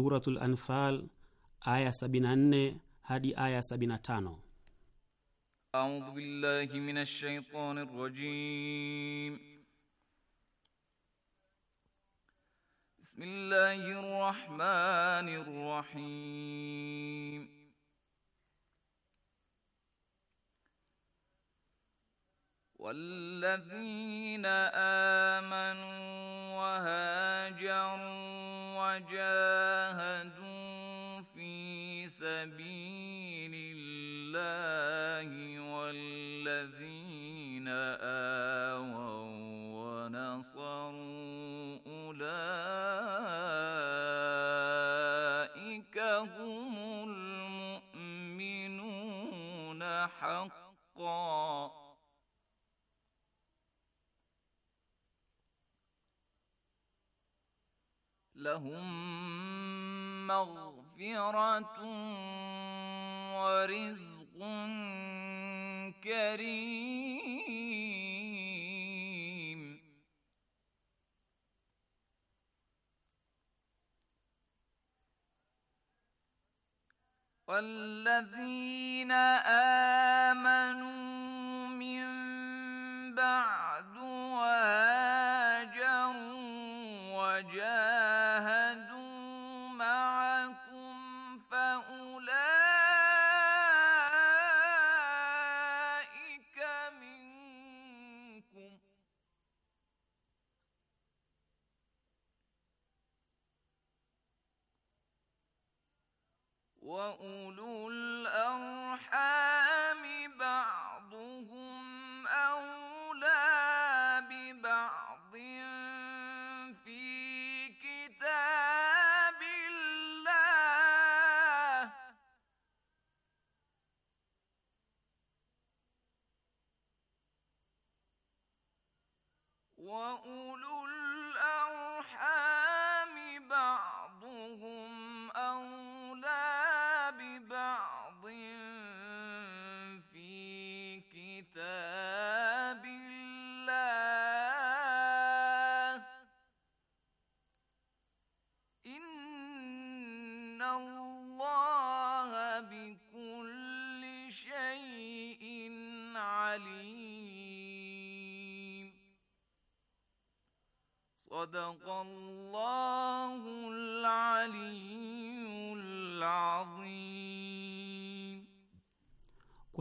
Suratul Anfal aya 74 hadi aya 75. A'udhu billahi minash shaitani rajim. Bismillahir rahmanir rahim. وجاهدوا في سبيل لهم مغفرة ورزق كريم والذين آمنوا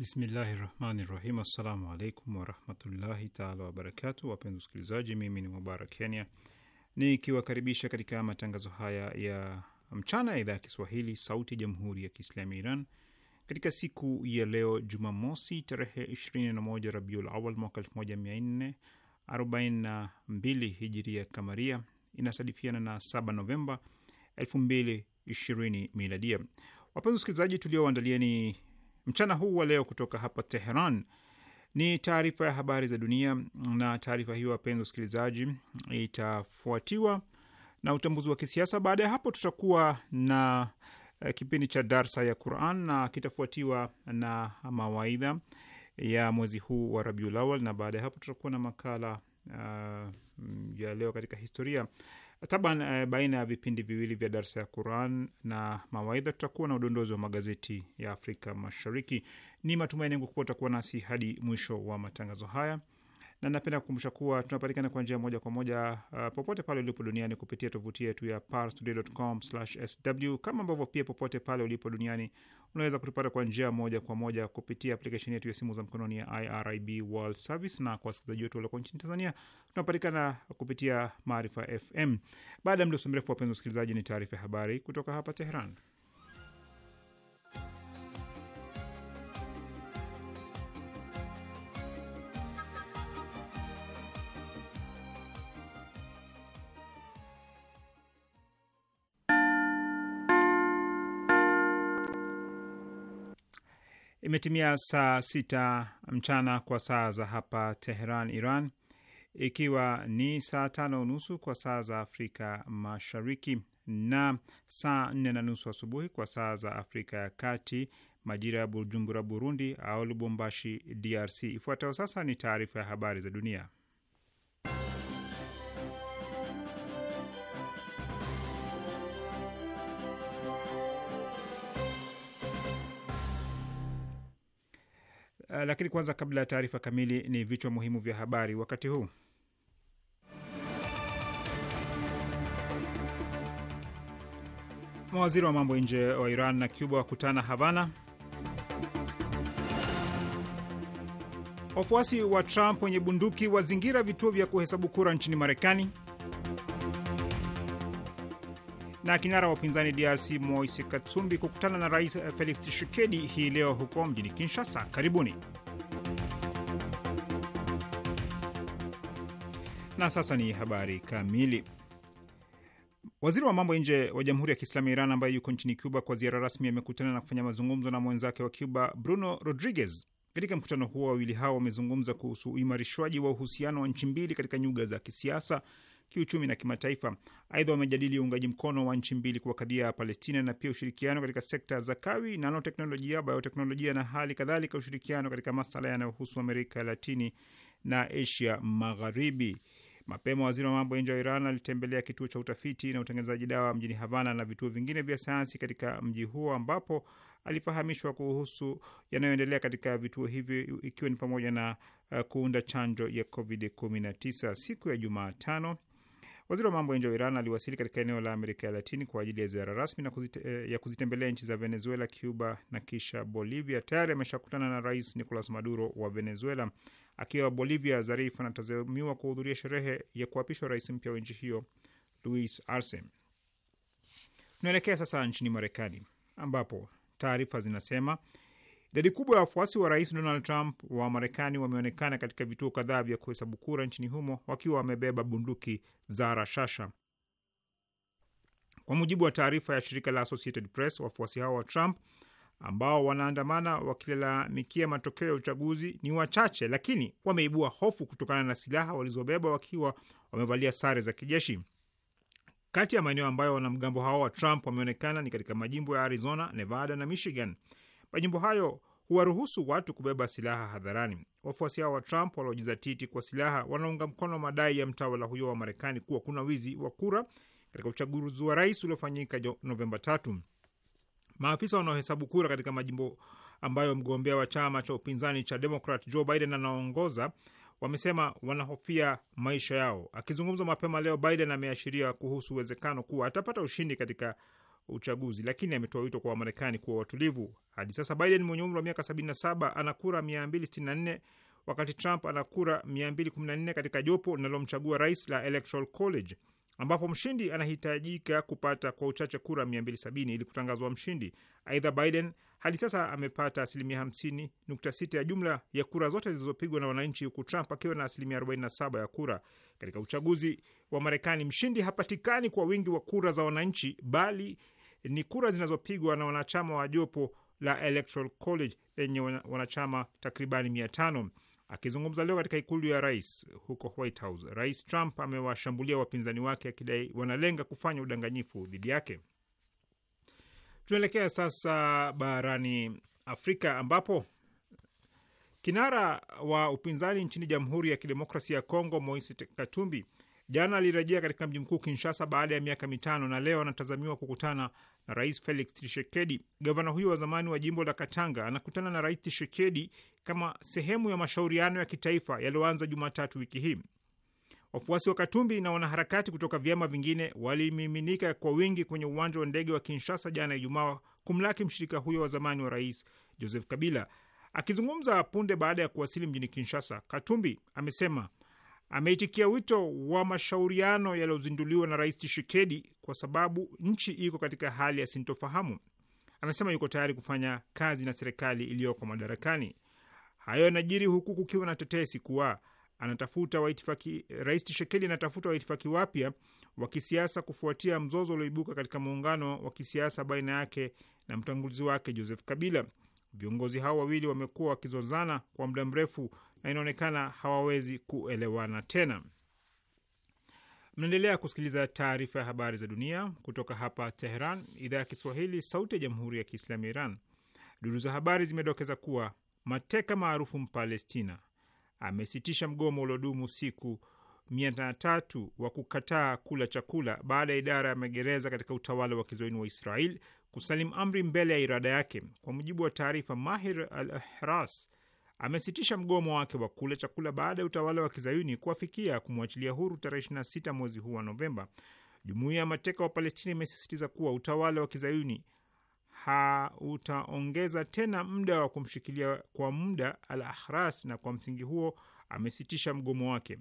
Bismillahi rahmani rahim. Assalamu alaikum warahmatullahi taala wabarakatu. Wapenzi wasikilizaji, mimi ni Mubarak Kenya nikiwakaribisha katika matangazo haya ya mchana ya idhaa ya Kiswahili sauti ya jamhuri ya Kiislamu ya Iran katika siku ya leo Jumamosi tarehe 21 Rabiul Awal mwaka 1442 hijiria kamaria inasadifiana na 7 Novemba 2020 miladia. Wapenzi wasikilizaji, ni mchana huu wa leo kutoka hapa Teheran ni taarifa ya habari za dunia, na taarifa hiyo, wapenzi wasikilizaji, itafuatiwa na utambuzi wa kisiasa. Baada ya hapo, tutakuwa na eh, kipindi cha darsa ya Quran na kitafuatiwa na mawaidha ya mwezi huu wa Rabiul Awal, na baada ya hapo tutakuwa na makala uh, ya leo katika historia taban eh, baina ya vipindi viwili vya darsa ya Quran na mawaidha tutakuwa na udondozi wa magazeti ya Afrika Mashariki. Ni matumaini yangu kuwa utakuwa nasi hadi mwisho wa matangazo haya, na napenda kukumbusha kuwa tunapatikana kwa njia moja kwa moja uh, popote pale ulipo duniani kupitia tovuti yetu ya parstoday.com/sw, kama ambavyo pia popote pale ulipo duniani unaweza kutupata kwa njia moja kwa moja kupitia aplikesheni yetu ya simu za mkononi ya IRIB World Service, na kwa wasikilizaji wetu walioko nchini Tanzania tunapatikana kupitia Maarifa FM. Baada ya mdoso mrefu, wapenzi wasikilizaji, ni taarifa ya habari kutoka hapa Teheran. Imetimia saa sita mchana kwa saa za hapa Teheran, Iran, ikiwa ni saa tano unusu kwa saa za Afrika Mashariki na saa nne na nusu asubuhi kwa saa za Afrika ya Kati, majira ya Bujumbura, Burundi, au Lubumbashi, DRC. Ifuatayo sasa ni taarifa ya habari za dunia. Ah, lakini kwanza, kabla ya taarifa kamili, ni vichwa muhimu vya habari wakati huu. Mawaziri wa mambo nje wa Iran na Cuba wakutana Havana. Wafuasi wa Trump wenye bunduki wazingira vituo vya kuhesabu kura nchini Marekani na kinara wa upinzani DRC Moise Katumbi kukutana na Rais Felix Tshisekedi hii leo huko mjini Kinshasa. Karibuni. Na sasa ni habari kamili. Waziri wa mambo ya nje wa Jamhuri ya Kiislamu ya Iran ambaye yuko nchini Cuba kwa ziara rasmi amekutana na kufanya mazungumzo na mwenzake wa Cuba Bruno Rodriguez. Katika mkutano huo, wawili hao wamezungumza kuhusu uimarishwaji wa uhusiano wa nchi mbili katika nyuga za kisiasa, kiuchumi na kimataifa. Aidha, wamejadili uungaji mkono wa nchi mbili kwa kadhia ya Palestina na pia ushirikiano katika sekta za kawi, nanoteknolojia, bayoteknolojia na hali kadhalika ushirikiano katika masala yanayohusu Amerika ya Latini na Asia Magharibi. Mapema waziri wa mambo ya nje wa Iran alitembelea kituo cha utafiti na utengenezaji dawa mjini Havana na vituo vingine vya sayansi katika mji huo ambapo alifahamishwa kuhusu yanayoendelea katika vituo hivyo ikiwa ni pamoja na uh, kuunda chanjo ya COVID-19. Siku ya Jumatano Waziri wa mambo ya nje wa Iran aliwasili katika eneo la Amerika ya Latini kwa ajili ya ziara rasmi na kuzite, eh, ya kuzitembelea nchi za Venezuela, Cuba na kisha Bolivia. Tayari ameshakutana na Rais Nicolas Maduro wa Venezuela. Akiwa Bolivia, Zarif anatazamiwa kuhudhuria sherehe ya kuapishwa rais mpya wa nchi hiyo Luis Arce. Tunaelekea sasa nchini Marekani ambapo taarifa zinasema Idadi kubwa ya wafuasi wa rais Donald Trump wa Marekani wameonekana katika vituo kadhaa vya kuhesabu kura nchini humo wakiwa wamebeba bunduki za rashasha. Kwa mujibu wa taarifa ya shirika la Associated Press, wafuasi hao wa Trump ambao wanaandamana wakilalamikia matokeo ya uchaguzi ni wachache, lakini wameibua hofu kutokana na silaha walizobeba wakiwa wamevalia sare za kijeshi. Kati ya maeneo ambayo wanamgambo hao wa Trump wameonekana ni katika majimbo ya Arizona, Nevada na Michigan. Majimbo hayo huwaruhusu watu kubeba silaha hadharani. Wafuasi hao wa Trump waliojizatiti kwa silaha wanaunga mkono madai ya mtawala huyo wa Marekani kuwa kuna wizi wa kura katika uchaguzi wa rais uliofanyika Novemba tatu. Maafisa wanaohesabu kura katika majimbo ambayo mgombea wa chama cha upinzani cha Demokrat Joe Biden anaongoza wamesema wanahofia maisha yao. Akizungumza mapema leo, Biden ameashiria kuhusu uwezekano kuwa atapata ushindi katika uchaguzi, lakini ametoa wito kwa Wamarekani kuwa watulivu. Hadi sasa Biden mwenye umri wa miaka 77 ana kura 264 wakati Trump ana kura 214 katika jopo linalomchagua rais la Electoral College ambapo mshindi anahitajika kupata kwa uchache kura 270 ili kutangazwa mshindi. Aidha, Biden hadi sasa amepata asilimia 50.6 ya jumla ya kura zote zilizopigwa na wananchi, huku Trump akiwa na asilimia 47 ya kura. Katika uchaguzi wa Marekani, mshindi hapatikani kwa wingi wa kura za wananchi, bali ni kura zinazopigwa na wanachama wa jopo la Electoral College lenye wanachama takribani mia tano. Akizungumza leo katika ikulu ya rais huko White House, Rais Trump amewashambulia wapinzani wake akidai wanalenga kufanya udanganyifu dhidi yake. Tunaelekea sasa barani Afrika ambapo kinara wa upinzani nchini Jamhuri ya Kidemokrasia ya Kongo Moise Katumbi jana alirejea katika mji mkuu Kinshasa baada ya miaka mitano na leo anatazamiwa kukutana Rais Felix Tshisekedi. Gavana huyo wa zamani wa jimbo la Katanga anakutana na Rais Tshisekedi kama sehemu ya mashauriano ya kitaifa yaliyoanza Jumatatu wiki hii. Wafuasi wa Katumbi na wanaharakati kutoka vyama vingine walimiminika kwa wingi kwenye uwanja wa ndege wa Kinshasa jana Ijumaa kumlaki mshirika huyo wa zamani wa rais Joseph Kabila. Akizungumza punde baada ya kuwasili mjini Kinshasa, Katumbi amesema ameitikia wito wa mashauriano yaliyozinduliwa na Rais Tshisekedi kwa sababu nchi iko katika hali ya sintofahamu. yuko tayari kufanya kazi na serikali iliyoko madarakani. Hayo yanajiri huku kukiwa na tetesi kuwa anatafuta waitifaki, Rais Tshisekedi anatafuta waitifaki wapya wa kisiasa kufuatia mzozo ulioibuka katika muungano wa kisiasa baina yake na mtangulizi wake Joseph Kabila. Viongozi hao wawili wamekuwa wakizozana kwa muda mrefu na inaonekana hawawezi kuelewana tena. Mnaendelea kusikiliza taarifa ya habari za dunia kutoka hapa Teheran, idhaa ya Kiswahili, sauti ya jamhuri ya kiislamu ya Iran. Duru za habari zimedokeza kuwa mateka maarufu Mpalestina amesitisha mgomo uliodumu siku mia tatu wa kukataa kula chakula baada ya idara ya magereza katika utawala wa kizoini wa Israel kusalim amri mbele ya irada yake. Kwa mujibu wa taarifa, Mahir Al Ahras amesitisha mgomo wake wa kula chakula baada ya utawala wa kizayuni kuafikia kumwachilia huru tarehe 26 mwezi huu wa Novemba. Jumuiya ya mateka wa Palestina imesisitiza kuwa utawala wa kizayuni hautaongeza tena muda wa kumshikilia kwa muda Al Ahras, na kwa msingi huo amesitisha mgomo wake.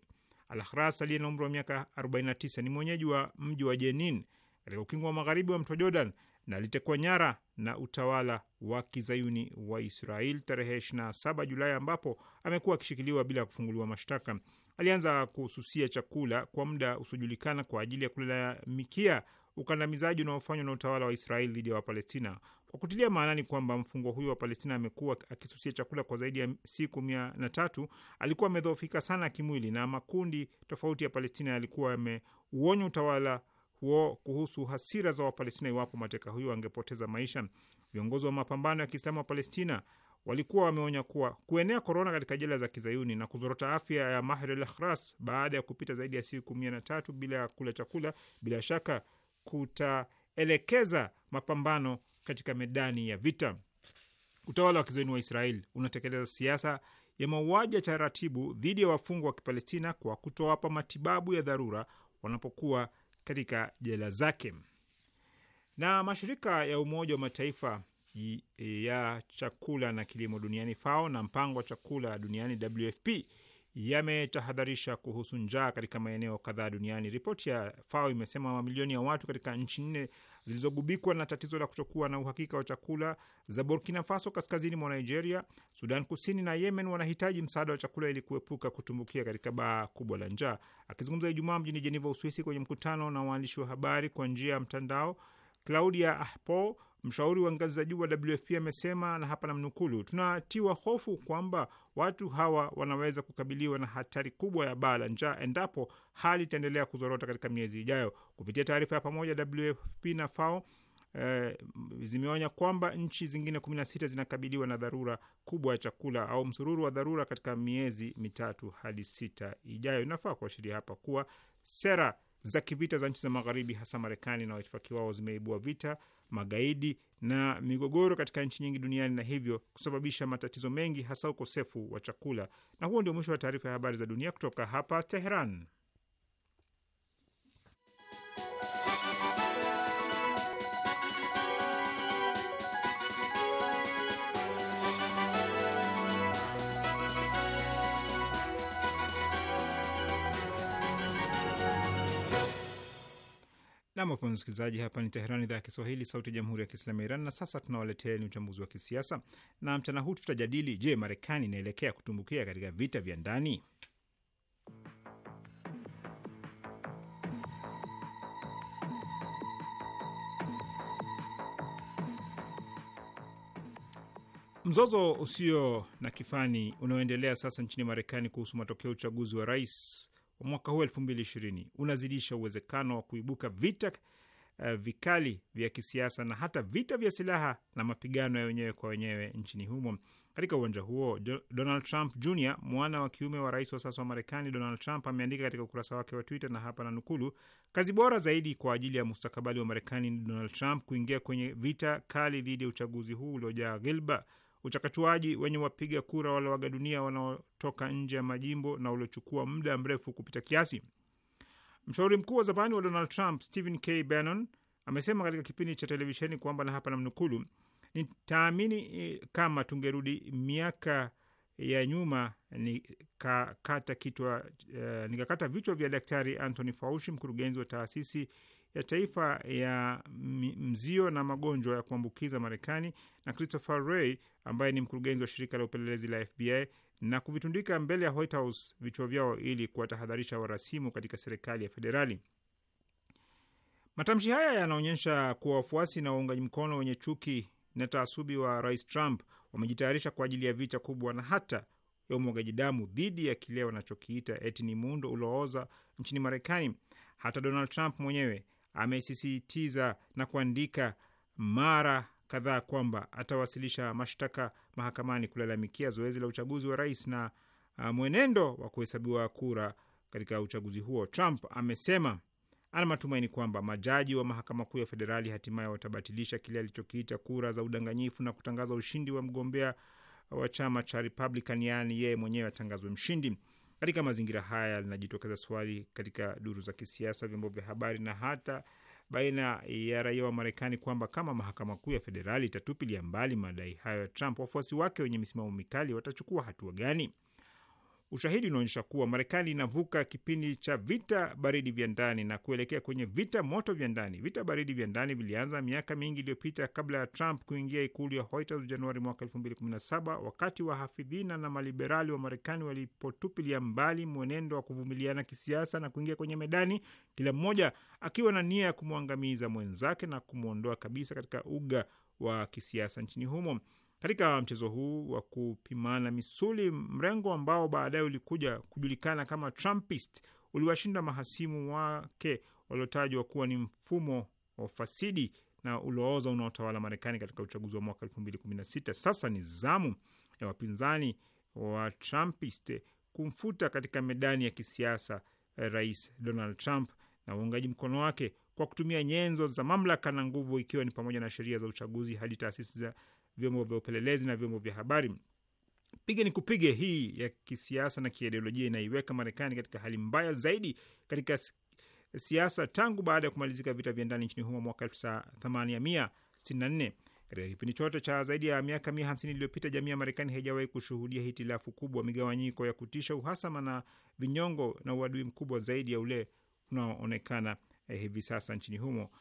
Al Ahras aliye na umri wa miaka 49 ni mwenyeji wa mji wa Jenin katika ukingo wa magharibi wa mto Jordan na litekwa nyara na utawala wa kizayuni wa Israel tarehe 27 Julai, ambapo amekuwa akishikiliwa bila kufunguliwa mashtaka. Alianza kususia chakula kwa muda usiojulikana kwa ajili ya kulalamikia ukandamizaji unaofanywa na utawala wa Israel dhidi ya Wapalestina, kwa kutilia maanani kwamba mfungwa huyo wa Palestina amekuwa akisusia chakula kwa zaidi ya siku mia na tatu. Alikuwa amedhoofika sana kimwili, na makundi tofauti ya Palestina yalikuwa yameuonya utawala huo kuhusu hasira za Wapalestina iwapo mateka huyo angepoteza maisha. Viongozi wa mapambano ya Kiislamu wa Palestina walikuwa wameonya kuwa kuenea korona katika jela za kizayuni na kuzorota afya ya Maher al-Ahras baada ya kupita zaidi ya siku mia na tatu bila ya kula chakula, bila shaka kutaelekeza mapambano katika medani ya vita. Utawala wa kizayuni wa Israel unatekeleza siasa ya mauaji ya taratibu dhidi ya wafungwa wa Kipalestina kwa kutowapa matibabu ya dharura wanapokuwa katika jela zake. Na mashirika ya Umoja wa Mataifa ya chakula na kilimo duniani FAO na mpango wa chakula duniani WFP yametahadharisha kuhusu njaa katika maeneo kadhaa duniani. Ripoti ya FAO imesema mamilioni ya watu katika nchi nne zilizogubikwa na tatizo la kutokuwa na uhakika wa chakula za Burkina Faso, kaskazini mwa Nigeria, Sudan Kusini na Yemen wanahitaji msaada wa chakula ili kuepuka kutumbukia katika baa kubwa la njaa. Akizungumza Ijumaa mjini Jeneva, Uswisi, kwenye mkutano na waandishi wa habari kwa njia ya mtandao, Claudia Ahpo Mshauri wa ngazi za juu wa WFP amesema, na hapa namnukulu, tunatiwa hofu kwamba watu hawa wanaweza kukabiliwa na hatari kubwa ya baa la njaa endapo hali itaendelea kuzorota katika miezi ijayo. Kupitia taarifa ya pamoja, WFP na FAO eh, zimeonya kwamba nchi zingine 16 zinakabiliwa na dharura kubwa ya chakula au msururu wa dharura katika miezi mitatu hadi sita ijayo. Inafaa kuashiria hapa kuwa sera za kivita za nchi za Magharibi, hasa Marekani na waitifaki wao, zimeibua vita, magaidi na migogoro katika nchi nyingi duniani na hivyo kusababisha matatizo mengi, hasa ukosefu wa chakula. Na huo ndio mwisho wa taarifa ya habari za dunia kutoka hapa Teheran. Nam, wapenzi msikilizaji, hapa ni Teherani, idhaa ya Kiswahili, sauti ya jamhuri ya kiislamu ya Iran. Na sasa tunawaletea ni uchambuzi wa kisiasa, na mchana huu tutajadili: je, Marekani inaelekea kutumbukia katika vita vya ndani? Mzozo usio na kifani unaoendelea sasa nchini Marekani kuhusu matokeo ya uchaguzi wa rais mwaka huu elfu mbili ishirini unazidisha uwezekano wa kuibuka vita uh, vikali vya kisiasa na hata vita vya silaha na mapigano ya wenyewe kwa wenyewe nchini humo. Katika uwanja huo, Donald Trump Jr, mwana wa kiume wa rais wa sasa wa Marekani Donald Trump, ameandika katika ukurasa wake wa Twitter, na hapa na nukulu: kazi bora zaidi kwa ajili ya mustakabali wa Marekani ni Donald Trump kuingia kwenye vita kali dhidi ya uchaguzi huu uliojaa ghilba uchakatuaji wenye wapiga kura waga dunia wanaotoka nje ya majimbo na uliochukua muda mrefu kupita kiasi. Mshauri mkuu wa zamani wa Donald Trump Stephen K. Bannon amesema katika kipindi cha televisheni kwamba na hapa namnukulu, nitaamini eh, kama tungerudi miaka ya nyuma nikakata kichwa, uh, nikakata vichwa vya Daktari Anthony Fauci, mkurugenzi wa taasisi ya taifa ya mzio na magonjwa ya kuambukiza Marekani na Christopher Wray ambaye ni mkurugenzi wa shirika la upelelezi la FBI na kuvitundika mbele ya White House vichwa vyao ili kuwatahadharisha warasimu katika serikali ya federali. Matamshi haya yanaonyesha kuwa wafuasi na waungaji mkono wenye chuki na taasubi wa Rais Trump wamejitayarisha kwa ajili ya vita kubwa na hata ya umwagaji damu dhidi ya kile wanachokiita eti ni muundo uliooza nchini Marekani. Hata Donald Trump mwenyewe amesisitiza na kuandika mara kadhaa kwamba atawasilisha mashtaka mahakamani kulalamikia zoezi la uchaguzi wa rais na uh, mwenendo wa kuhesabiwa kura katika uchaguzi huo. Trump amesema ana matumaini kwamba majaji wa mahakama kuu ya federali hatimaye watabatilisha kile alichokiita kura za udanganyifu na kutangaza ushindi wa mgombea wa chama cha Republican, yaani yeye mwenyewe atangazwe mshindi. Katika mazingira haya linajitokeza swali katika duru za kisiasa, vyombo vya habari na hata baina ya raia wa Marekani kwamba kama mahakama kuu ya federali itatupilia mbali madai hayo ya Trump, wafuasi wake wenye misimamo mikali watachukua hatua gani? Ushahidi unaonyesha kuwa Marekani inavuka kipindi cha vita baridi vya ndani na kuelekea kwenye vita moto vya ndani. Vita baridi vya ndani vilianza miaka mingi iliyopita kabla ya Trump kuingia ikulu ya White House Januari mwaka 2017 wakati wahafidhina na maliberali wa Marekani walipotupilia mbali mwenendo wa kuvumiliana kisiasa na kuingia kwenye medani, kila mmoja akiwa na nia ya kumwangamiza mwenzake na kumwondoa kabisa katika uga wa kisiasa nchini humo. Katika mchezo huu wa kupimana misuli, mrengo ambao baadaye ulikuja kujulikana kama Trumpist uliwashinda mahasimu wake waliotajwa kuwa ni mfumo wa ufasidi na ulooza unaotawala Marekani katika uchaguzi wa mwaka sita. Sasa ni zamu ya wapinzani wa Trumpist kumfuta katika medani ya kisiasa eh, Rais Donald Trump na uungaji mkono wake kwa kutumia nyenzo za mamlaka na nguvu, ikiwa ni pamoja na sheria za uchaguzi hadi taasisi za vyombo vya upelelezi na vyombo vya habari. Piga ni kupiga hii ya kisiasa na kiideolojia inaiweka Marekani katika hali mbaya zaidi katika siasa tangu baada ya kumalizika vita vya ndani nchini humo mwaka 1864. Katika kipindi chote cha zaidi ya miaka mia hamsini iliyopita jamii ya Marekani haijawahi kushuhudia hitilafu kubwa, migawanyiko ya kutisha, uhasama na vinyongo na uadui mkubwa zaidi ya ule unaoonekana eh, hivi sasa nchini humo.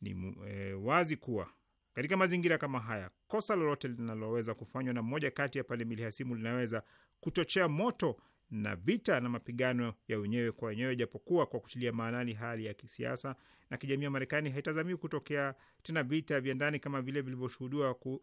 Ni eh, wazi kuwa katika mazingira kama haya, kosa lolote linaloweza kufanywa na mmoja kati ya pande mbili hasimu linaweza kuchochea moto na vita na mapigano ya wenyewe kwa wenyewe, japokuwa kwa kutilia maanani hali ya kisiasa na kijamii ya Marekani haitazamiwi kutokea tena vita vya ndani kama vile vilivyoshuhudiwa uh,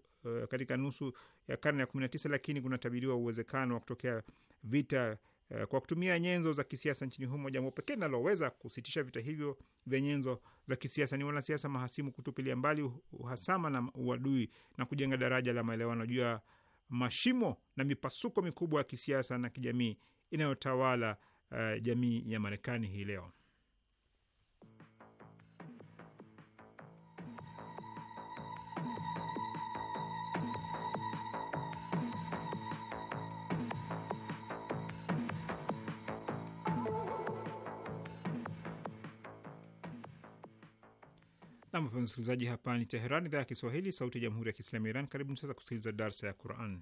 katika nusu ya karne ya 19, lakini kunatabiriwa uwezekano wa kutokea vita Eh, kwa kutumia nyenzo za kisiasa nchini humo. Jambo pekee linaloweza kusitisha vita hivyo vya nyenzo za kisiasa ni wanasiasa mahasimu kutupilia mbali uhasama na uadui na kujenga daraja la maelewano juu ya mashimo na mipasuko mikubwa ya kisiasa na kijamii inayotawala uh, jamii ya Marekani hii leo. Na mpenzi msikilizaji, hapa ni Teheran, idhaa ya Kiswahili, sauti ya jamhuri ya kiislamu ya Iran. Karibuni sasa kusikiliza darsa ya Quran.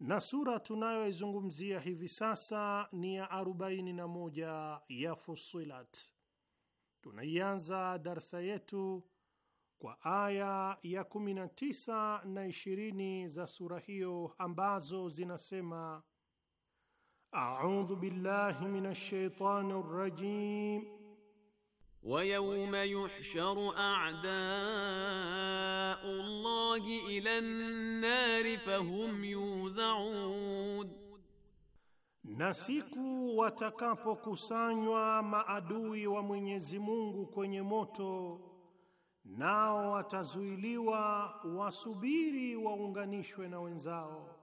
na sura tunayoizungumzia hivi sasa ni ya 41 ya Fusilat. Tunaianza darsa yetu kwa aya ya 19 na 20 za sura hiyo ambazo zinasema: audhu billahi minash shaitani rajim ويوم يحشر أعداء الله إلى النار فهم يوزعون na siku watakapokusanywa maadui wa Mwenyezi Mungu kwenye moto, nao watazuiliwa wasubiri waunganishwe na wenzao.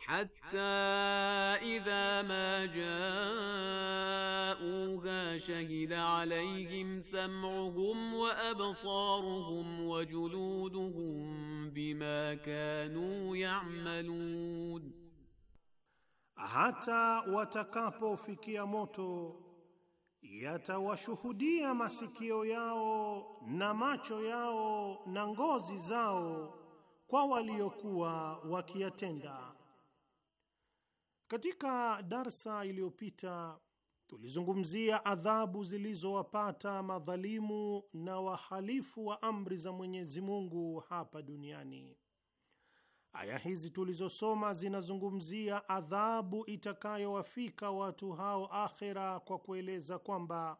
حتى إذا ما جاءوها شهد عليهم سمعهم وأبصارهم وجلودهم بما كانوا يعملون, hata watakapofikia moto yatawashuhudia masikio yao na macho yao na ngozi zao kwa waliokuwa wakiyatenda katika darsa iliyopita tulizungumzia adhabu zilizowapata madhalimu na wahalifu wa amri za Mwenyezi Mungu hapa duniani. Aya hizi tulizosoma zinazungumzia adhabu itakayowafika watu hao akhera, kwa kueleza kwamba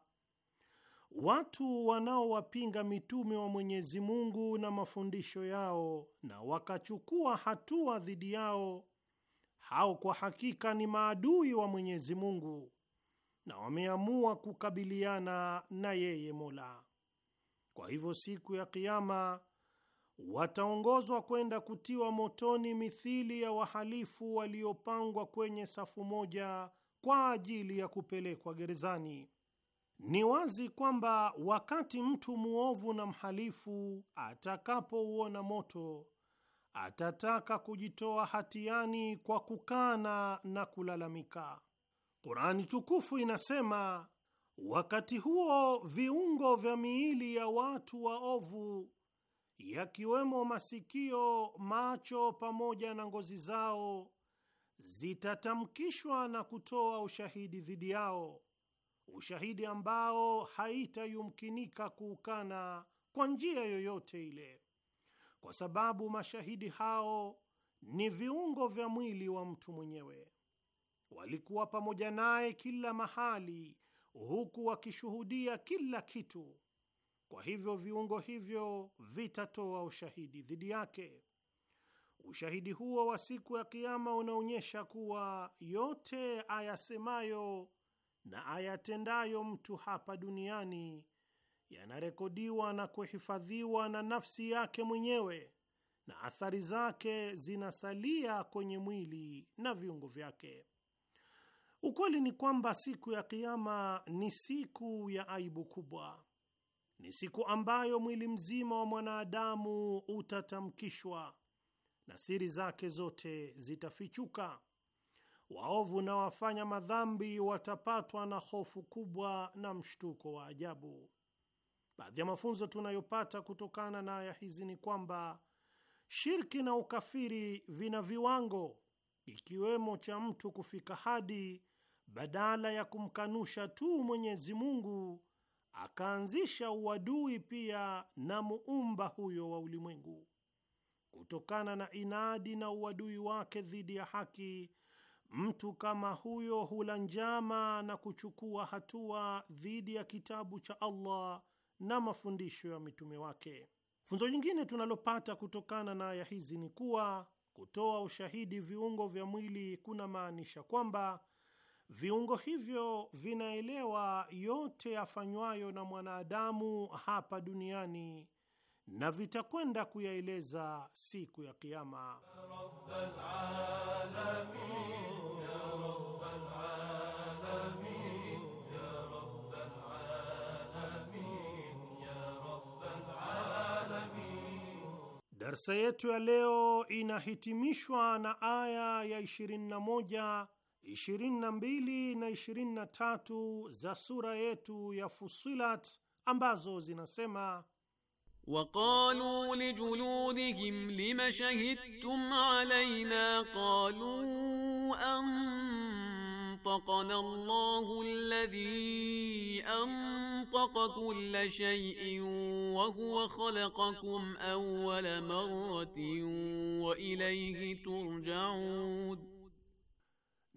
watu wanaowapinga mitume wa Mwenyezi Mungu na mafundisho yao na wakachukua hatua dhidi yao hao kwa hakika ni maadui wa Mwenyezi Mungu na wameamua kukabiliana na yeye Mola. Kwa hivyo siku ya Kiama wataongozwa kwenda kutiwa motoni mithili ya wahalifu waliopangwa kwenye safu moja kwa ajili ya kupelekwa gerezani. Ni wazi kwamba wakati mtu mwovu na mhalifu atakapouona moto atataka kujitoa hatiani kwa kukana na kulalamika. Kurani tukufu inasema, wakati huo viungo vya miili ya watu waovu yakiwemo masikio, macho pamoja na ngozi zao zitatamkishwa na kutoa ushahidi dhidi yao, ushahidi ambao haitayumkinika kuukana kwa njia yoyote ile kwa sababu mashahidi hao ni viungo vya mwili wa mtu mwenyewe. Walikuwa pamoja naye kila mahali, huku wakishuhudia kila kitu. Kwa hivyo viungo hivyo vitatoa ushahidi dhidi yake. Ushahidi huo wa siku ya Kiama unaonyesha kuwa yote ayasemayo na ayatendayo mtu hapa duniani yanarekodiwa na kuhifadhiwa na nafsi yake mwenyewe na athari zake zinasalia kwenye mwili na viungo vyake. Ukweli ni kwamba siku ya Kiama ni siku ya aibu kubwa, ni siku ambayo mwili mzima wa mwanadamu utatamkishwa na siri zake zote zitafichuka. Waovu na wafanya madhambi watapatwa na hofu kubwa na mshtuko wa ajabu. Baadhi ya mafunzo tunayopata kutokana na aya hizi ni kwamba shirki na ukafiri vina viwango, ikiwemo cha mtu kufika hadi badala ya kumkanusha tu Mwenyezi Mungu akaanzisha uadui pia na muumba huyo wa ulimwengu. Kutokana na inadi na uadui wake dhidi ya haki, mtu kama huyo hula njama na kuchukua hatua dhidi ya kitabu cha Allah na mafundisho ya mitume wake. Funzo jingine tunalopata kutokana na aya hizi ni kuwa kutoa ushahidi viungo vya mwili kuna maanisha kwamba viungo hivyo vinaelewa yote yafanywayo na mwanadamu hapa duniani na vitakwenda kuyaeleza siku ya Kiama. Darsa yetu ya leo inahitimishwa na aya ya 21, 22 na 23 za sura yetu ya Fusilat ambazo zinasema waqalu lijuludihim lima shahidtum alayna qalu an أنطقنا الله الذي أنطق كل شيء وهو خلقكم أول مرة وإليه ترجعون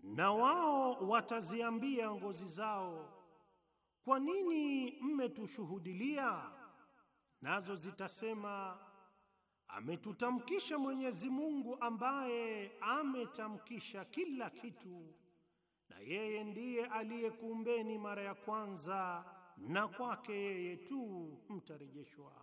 na wao wataziambia ngozi zao, kwa nini mmetushuhudilia? Nazo zitasema ametutamkisha Mwenyezi Mungu ambaye ametamkisha kila kitu yeye ndiye aliyekuumbeni mara ya kwanza na kwake yeye tu mtarejeshwa.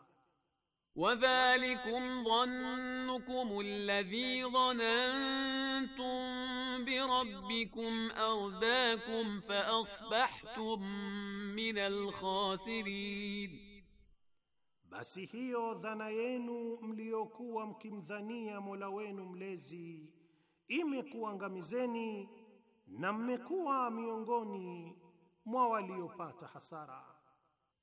وذلكم ظنكم الذي ظننتم بربكم أرداكم فأصبحتم من alkhasirin basi hiyo dhana yenu mliyokuwa mkimdhania Mola wenu mlezi imekuangamizeni na mmekuwa miongoni mwa waliopata hasara.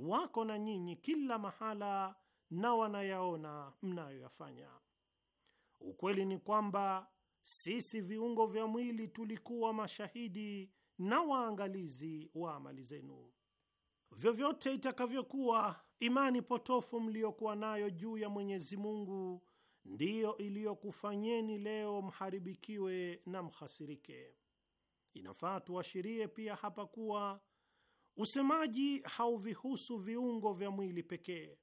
wako na nyinyi kila mahala na wanayaona mnayoyafanya. Ukweli ni kwamba sisi viungo vya mwili tulikuwa mashahidi na waangalizi wa amali zenu. Vyovyote itakavyokuwa imani potofu mliyokuwa nayo juu ya Mwenyezi Mungu ndiyo iliyokufanyeni leo mharibikiwe na mhasirike. Inafaa tuashirie pia hapa kuwa Usemaji hauvihusu viungo vya mwili pekee,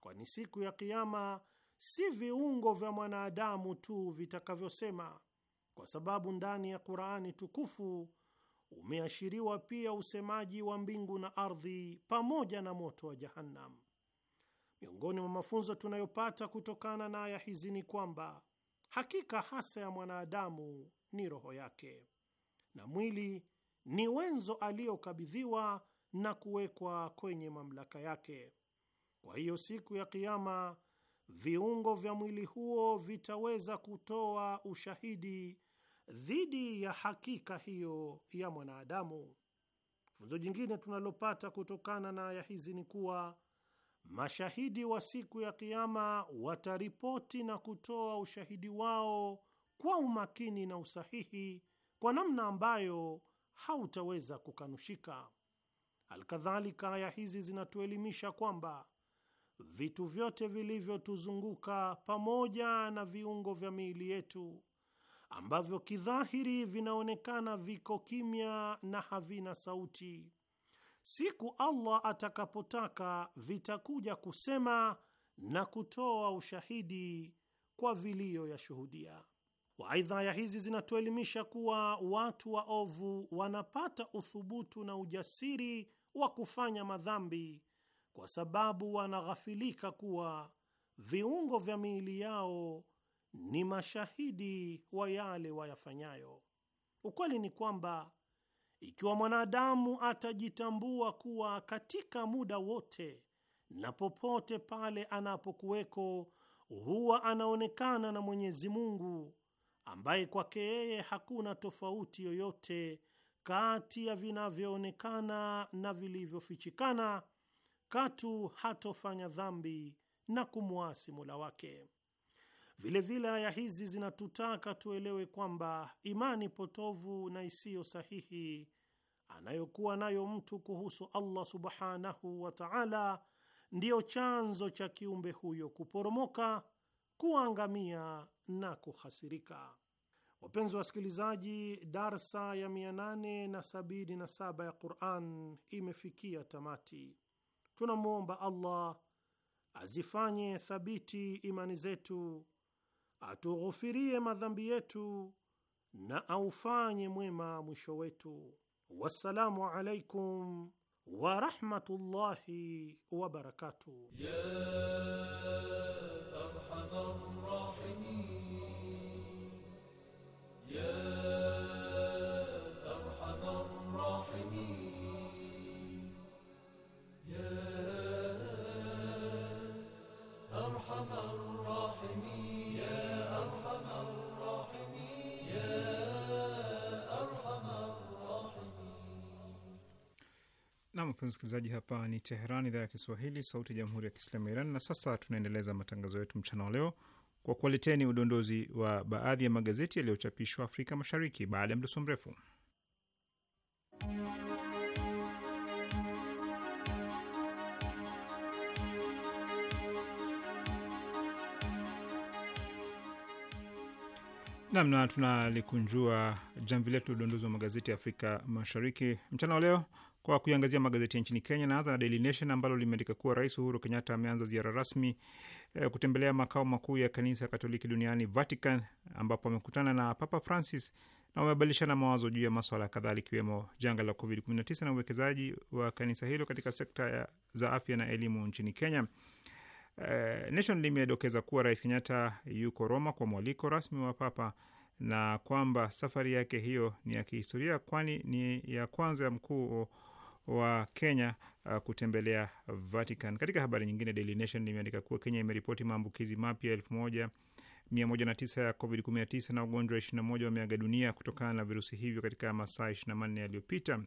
kwani siku ya Kiama si viungo vya mwanadamu tu vitakavyosema, kwa sababu ndani ya Qur'ani tukufu umeashiriwa pia usemaji wa mbingu na ardhi pamoja na moto wa Jahannam. Miongoni mwa mafunzo tunayopata kutokana na aya hizi ni kwamba hakika hasa ya mwanadamu ni roho yake na mwili ni wenzo aliyokabidhiwa na kuwekwa kwenye mamlaka yake. Kwa hiyo siku ya Kiama viungo vya mwili huo vitaweza kutoa ushahidi dhidi ya hakika hiyo ya mwanadamu. Funzo jingine tunalopata kutokana na aya hizi ni kuwa mashahidi wa siku ya Kiama wataripoti na kutoa ushahidi wao kwa umakini na usahihi, kwa namna ambayo hautaweza kukanushika. Alkadhalika, aya hizi zinatuelimisha kwamba vitu vyote vilivyotuzunguka pamoja na viungo vya miili yetu ambavyo kidhahiri vinaonekana viko kimya na havina sauti, siku Allah atakapotaka vitakuja kusema na kutoa ushahidi kwa vilio ya shuhudia. Waidha, ya hizi zinatuelimisha kuwa watu waovu wanapata uthubutu na ujasiri wa kufanya madhambi kwa sababu wanaghafilika kuwa viungo vya miili yao ni mashahidi wa yale wayafanyayo. Ukweli ni kwamba ikiwa mwanadamu atajitambua kuwa katika muda wote na popote pale anapokuweko huwa anaonekana na Mwenyezi Mungu ambaye kwake yeye hakuna tofauti yoyote kati ya vinavyoonekana na vilivyofichikana, katu hatofanya dhambi na kumwasi Mola wake. Vilevile aya hizi zinatutaka tuelewe kwamba imani potovu na isiyo sahihi anayokuwa nayo mtu kuhusu Allah subhanahu wa ta'ala ndiyo chanzo cha kiumbe huyo kuporomoka, kuangamia na kuhasirika. Wapenzi wasikilizaji, darsa ya 877 ya Quran imefikia tamati. Tunamwomba Allah azifanye thabiti imani zetu, atughufirie madhambi yetu na aufanye mwema mwisho wetu. Wassalamu alaikum warahmatullahi wabarakatuh. nam, mpenzi msikilizaji, hapa ni Teheran, idhaa ya Kiswahili, sauti ya jamhuri ya kiislamu ya Iran. Na sasa tunaendeleza matangazo yetu mchana wa leo kwa kuwaleteni udondozi wa baadhi ya magazeti yaliyochapishwa Afrika Mashariki baada ya mdoso mrefu. Namna tunalikunjua jamvi letu udondozi wa magazeti ya Afrika Mashariki mchana wa leo kwa kuiangazia magazeti ya nchini Kenya. Naanza na Daily Nation ambalo limeandika kuwa Rais Uhuru Kenyatta ameanza ziara rasmi eh, kutembelea makao makuu ya kanisa Katoliki duniani Vatican, ambapo amekutana na Papa Francis na wamebadilishana mawazo juu ya maswala kadhaa likiwemo janga la COVID-19 na uwekezaji wa kanisa hilo katika sekta ya, za afya na elimu nchini Kenya. Eh, Nation limedokeza kuwa Rais Kenyatta yuko Roma kwa mwaliko rasmi wa Papa na kwamba safari yake hiyo ni ya kihistoria kwani ni ya kwanza ya mkuu wa Kenya uh, kutembelea Vatican. Katika habari nyingine, Daily Nation limeandika kuwa Kenya imeripoti maambukizi mapya elfu moja ya COVID-19 na wagonjwa 21 wameaga dunia kutokana na virusi hivyo katika masaa 24 yaliyopita.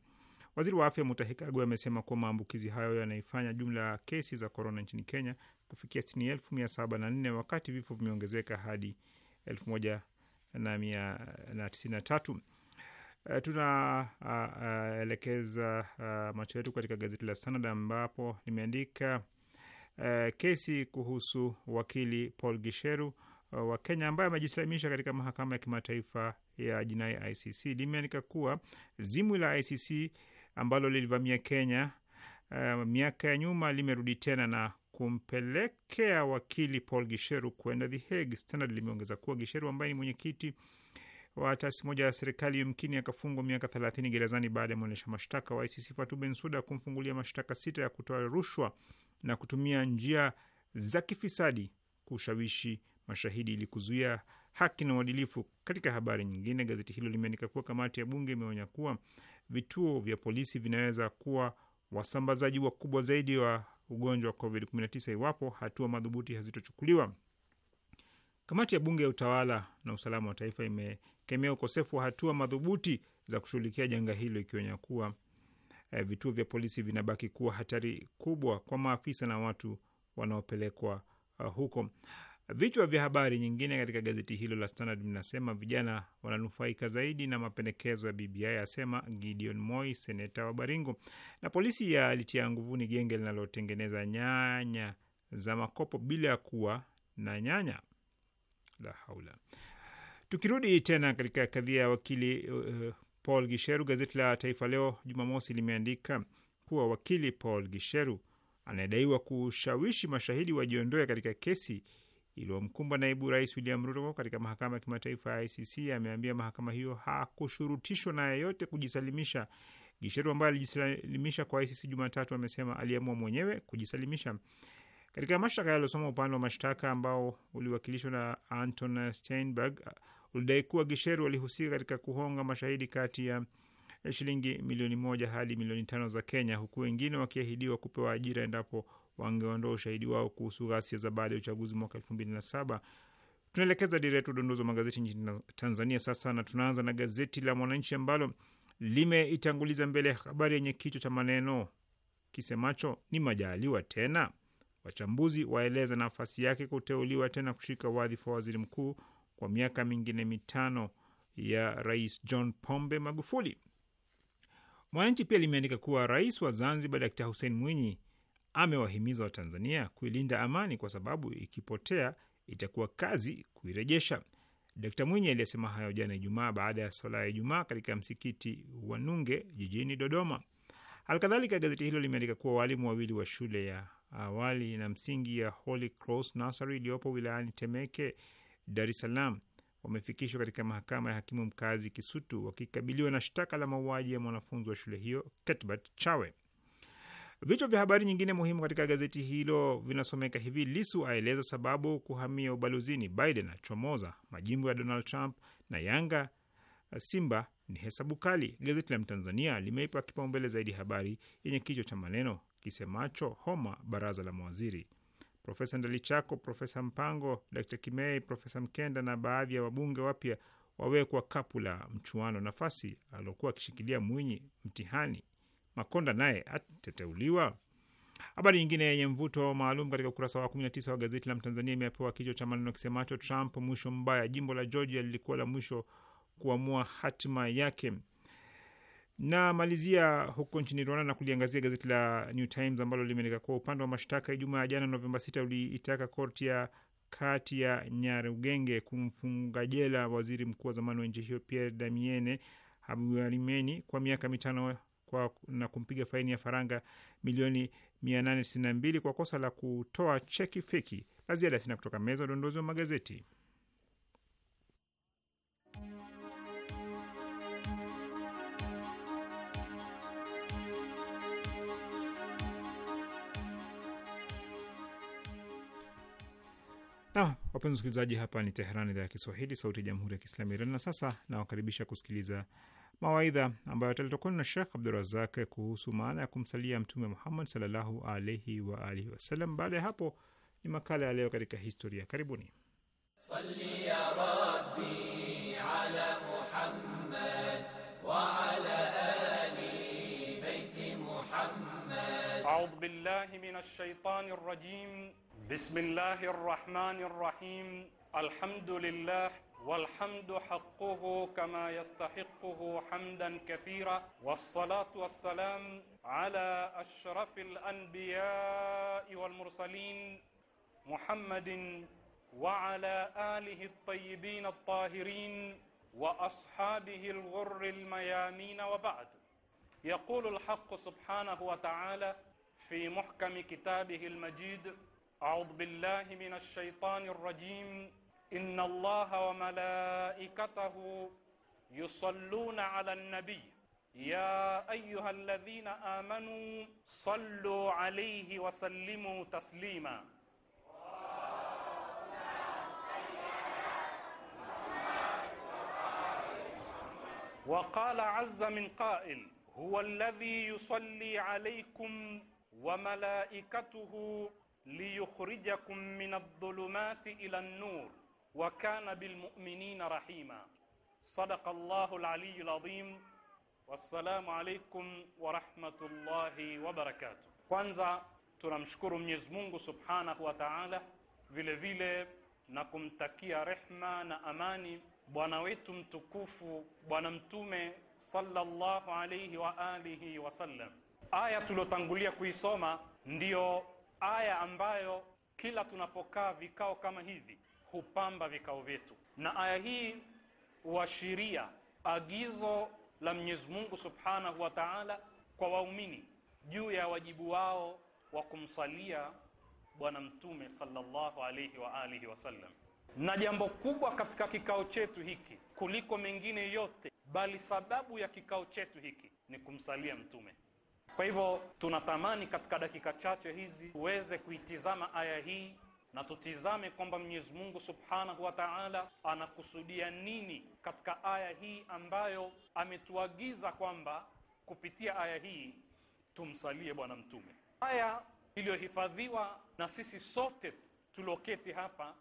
Waziri wa afya Mutahi Kagwe amesema kuwa maambukizi hayo yanaifanya jumla ya kesi za korona nchini Kenya kufikia 60704 wakati vifo vimeongezeka hadi 1193. E, tunaelekeza eh, macho yetu katika gazeti la Standard ambapo limeandika e, kesi kuhusu wakili Paul Gisheru wa Kenya ambaye amejisalimisha katika mahakama ya kimataifa ya jinai ICC. Limeandika kuwa zimwi la ICC ambalo lilivamia Kenya Uh, miaka ya nyuma limerudi tena na kumpelekea wakili Paul Gisheru kwenda The Hague. Standard limeongeza kuwa Gisheru ambaye ni mwenyekiti wa taasisi moja ya serikali yumkini akafungwa miaka 30 gerezani baada ya mwendesha mashtaka wa ICC Fatou Bensouda kumfungulia mashtaka sita ya kutoa rushwa na kutumia njia za kifisadi kushawishi mashahidi ili kuzuia haki na uadilifu. Katika habari nyingine, gazeti hilo limeandika kuwa kamati ya bunge imeonya kuwa vituo vya polisi vinaweza kuwa wasambazaji wakubwa zaidi wa ugonjwa wa COVID-19 iwapo hatua madhubuti hazitochukuliwa. Kamati ya bunge ya utawala na usalama wa taifa imekemea ukosefu wa hatua madhubuti za kushughulikia janga hilo, ikionya kuwa eh, vituo vya polisi vinabaki kuwa hatari kubwa kwa maafisa na watu wanaopelekwa uh, huko. Vichwa vya habari nyingine katika gazeti hilo la Standard vinasema vijana wananufaika zaidi na mapendekezo ya BBI, asema Gideon Moi, seneta wa Baringo, na polisi yalitia nguvuni genge linalotengeneza nyanya za makopo bila ya kuwa na nyanya. La haula. Tukirudi tena katika kadhia ya wakili uh, Paul Gisheru, gazeti la Taifa Leo Jumamosi limeandika kuwa wakili Paul Gisheru anayedaiwa kushawishi mashahidi wajiondoe katika kesi iliyomkumba naibu rais William Ruto katika mahakama ya kimataifa ya ICC ameambia mahakama hiyo hakushurutishwa na yeyote kujisalimisha. Gisheru ambaye alijisalimisha kwa ICC Jumatatu amesema aliamua mwenyewe kujisalimisha. Katika mashtaka yaliyosoma upande wa mashtaka ambao uliwakilishwa na Anton Steinberg ulidai kuwa Gisheru walihusika katika kuhonga mashahidi kati ya shilingi milioni moja hadi milioni tano za Kenya, huku wengine wakiahidiwa kupewa ajira endapo wangeondoa ushahidi wao kuhusu ghasia za baada ya uchaguzi mwaka elfu mbili na saba. Tunaelekeza dira yetu udondozi wa magazeti nchini Tanzania sasa, na tunaanza na gazeti la Mwananchi ambalo limeitanguliza mbele ya habari yenye kichwa cha maneno kisemacho ni Majaliwa tena. Wachambuzi waeleza nafasi yake kuteuliwa tena kushika wadhifa wa waziri mkuu kwa miaka mingine mitano ya Rais John Pombe Magufuli. Mwananchi pia limeandika kuwa rais wa Zanzibar Dkt. Hussein Mwinyi amewahimiza Watanzania kuilinda amani kwa sababu ikipotea itakuwa kazi kuirejesha. Dkt. Mwinyi aliyesema hayo jana Ijumaa baada ya swala ya Ijumaa katika msikiti wa Nunge jijini Dodoma. Halikadhalika, gazeti hilo limeandika kuwa waalimu wawili wa shule ya awali na msingi ya Holy Cross Nursery iliyopo wilayani Temeke, Dar es Salaam wamefikishwa katika mahakama ya hakimu mkazi Kisutu wakikabiliwa na shtaka la mauaji ya mwanafunzi wa shule hiyo Ketbert Chawe. Vichwa vya habari nyingine muhimu katika gazeti hilo vinasomeka hivi: Lisu aeleza sababu kuhamia ubalozini, Biden achomoza majimbo ya Donald Trump na Yanga Simba ni hesabu kali. Gazeti la Mtanzania limeipa kipaumbele zaidi habari yenye kichwa cha maneno kisemacho homa baraza la mawaziri. Profesa Ndalichako, Profesa Mpango, Dkt Kimei, Profesa Mkenda na baadhi ya wabunge wapya wawekwa kapu la mchuano, nafasi aliokuwa akishikilia Mwinyi mtihani. Makonda naye ateteuliwa. Habari nyingine yenye mvuto maalum katika ukurasa wa 19 wa gazeti la Mtanzania imepewa kichwa cha maneno kisemacho Trump mwisho mbaya. Jimbo la Georgia lilikuwa la mwisho kuamua hatima yake. Na malizia huko nchini Rwanda na kuliangazia gazeti la New Times ambalo limeandika kwa upande wa mashtaka Ijumaa ya jana Novemba 6 uliitaka korti ya kati ya Nyarugenge kumfunga jela waziri mkuu wa zamani wa nchi hiyo Pierre Damiene Habyarimana kwa miaka mitano kwa na kumpiga faini ya faranga milioni 892 kwa kosa la kutoa cheki feki. La ziada sina kutoka meza udondozi wa magazeti. Wapenzi wasikilizaji, hapa ni teheran idhaa ya Kiswahili, sauti ya jamhuri ya kiislamu Iran. Na sasa nawakaribisha kusikiliza mawaidha ambayo yataletwa kwenu na Shekh Abdurazak kuhusu maana ya kumsalia Mtume Muhammad sallallahu alaihi wa alihi wasallam. Baada ya hapo ni makala ya leo katika historia. Karibuni. Salli ya Rabbi ala Muhammad wa ala ali baiti Muhammad. Audhu billahi minash shaitani بسم الله الرحمن الرحيم الحمد لله والحمد حقه كما يستحقه حمدا كثيرا والصلاة والسلام على أشرف الأنبياء والمرسلين محمد وعلى آله الطيبين الطاهرين وأصحابه الغر الميامين وبعد يقول الحق سبحانه وتعالى في محكم كتابه المجيد أعوذ بالله من الشيطان الرجيم إن الله وملائكته يصلون على النبي يا أيها الذين آمنوا صلوا عليه وسلموا تسليما وقال عز من قائل هو الذي يصلي عليكم وملائكته liyukhrijakum min adh-dhulumati ila an-nur wa kana bilmu'minina rahima sadaqa Allahu al-'aliyyul 'azim wassalamu alaykum wa rahmatullahi wa barakatuh kwanza tunamshukuru Mwenyezi Mungu Subhanahu wa Ta'ala vile vile na kumtakia rehma na amani bwana wetu mtukufu bwana mtume sallallahu alayhi wa alihi wasallam aya tuliotangulia kuisoma ndiyo aya ambayo kila tunapokaa vikao kama hivi hupamba vikao vyetu, na aya hii huashiria agizo la Mwenyezi Mungu Subhanahu wa Ta'ala kwa waumini juu ya wajibu wao wa kumsalia Bwana Mtume sallallahu alayhi wa alihi wasallam. Na jambo kubwa katika kikao chetu hiki kuliko mengine yote, bali sababu ya kikao chetu hiki ni kumsalia Mtume kwa hivyo tunatamani katika dakika chache hizi tuweze kuitizama aya hii na tutizame kwamba Mwenyezi Mungu Subhanahu wa Ta'ala anakusudia nini katika aya hii ambayo ametuagiza kwamba kupitia aya hii tumsalie Bwana Mtume. Aya iliyohifadhiwa na sisi sote tulioketi hapa